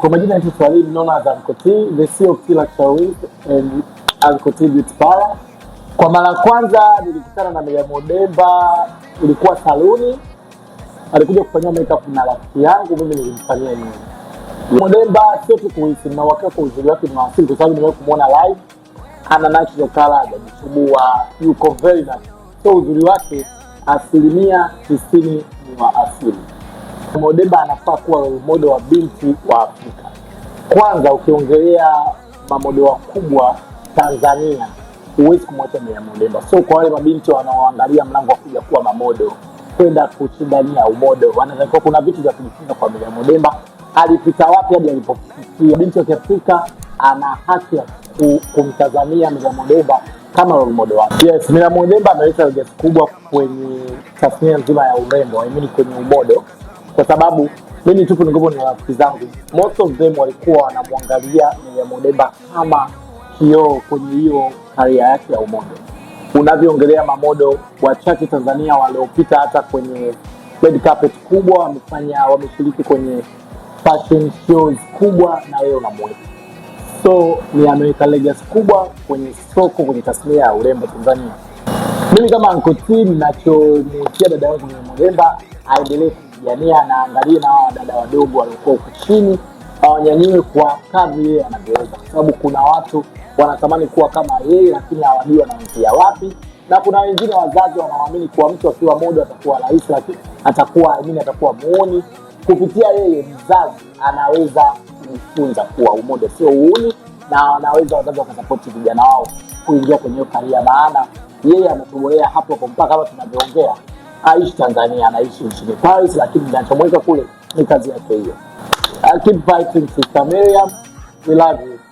Kwa majina yetu Swahili known za Mkoti, the CEO of Luxury and Uncle Beauty Parlor. Kwa mara kwanza nilikutana na Meja Modemba, ilikuwa saluni, alikuja kufanyia makeup na rafiki yangu, mimi nilimfanyia nini. Modemba sio tu kuhisi na wakati kwa uzuri wake na asili, kwa sababu nimewahi kumuona live, ana natural color, hajajisumbua, yuko very nice. So uzuri wake asilimia tisini ni wa asili modemba anafaa kuwa modo wa binti wa Afrika. Kwanza ukiongelea mamodo wakubwa Tanzania huwezi kumwacha Mia Modemba. So kwa wale mabinti wanaoangalia mlango wa kuja kuwa mamodo kwenda kushindania umodo, wanatakiwa kuna vitu vya kujifunza kwa Mia Modemba. alipita wapi hadi alipofikia. Binti wa Kiafrika ana haki ya kumtazamia Mia Modemba kama role model wake. Yes, Mia Modemba ameleta ujasiri kubwa kwenye tasnia nzima ya urembo, I mean kwenye umodo kwa sababu mimi tupo ningekuwa na rafiki zangu, most of them walikuwa wanamwangalia Meya Modeba kama kioo kwenye hiyo karia yake ya umodo. Unavyoongelea mamodo wachache Tanzania waliopita hata kwenye red carpet kubwa, wamefanya wameshiriki kwenye fashion shows kubwa, na yeye unamwona so ni ameweka legacy kubwa kwenye soko, kwenye tasnia ya urembo Tanzania. Mimi kama Anko T, ninachomutia dada yangu Meya Modeba aendelee anapigania anaangalia na hawa dada wadogo waliokuwa huko chini hawanyanyue kwa kadri yeye anavyoweza, kwa sababu kuna watu wanatamani kuwa kama yeye, lakini hawajui wanaanzia wapi, na kuna wengine wazazi wanaamini kuwa mtu akiwa moja atakuwa rais, lakini atakuwa amini, atakuwa muoni. Kupitia yeye mzazi anaweza kujifunza kuwa umoja sio uuni, na wanaweza wazazi wakasapoti vijana wao kuingia kwenye hiyo karia, maana yeye ametobolea hapo hapo mpaka hapa tunavyoongea aishi Tanzania, anaishi nchini Paris, lakini nachomweka kule ni kazi yake hiyo. keep fighting Sister Miriam, we love you.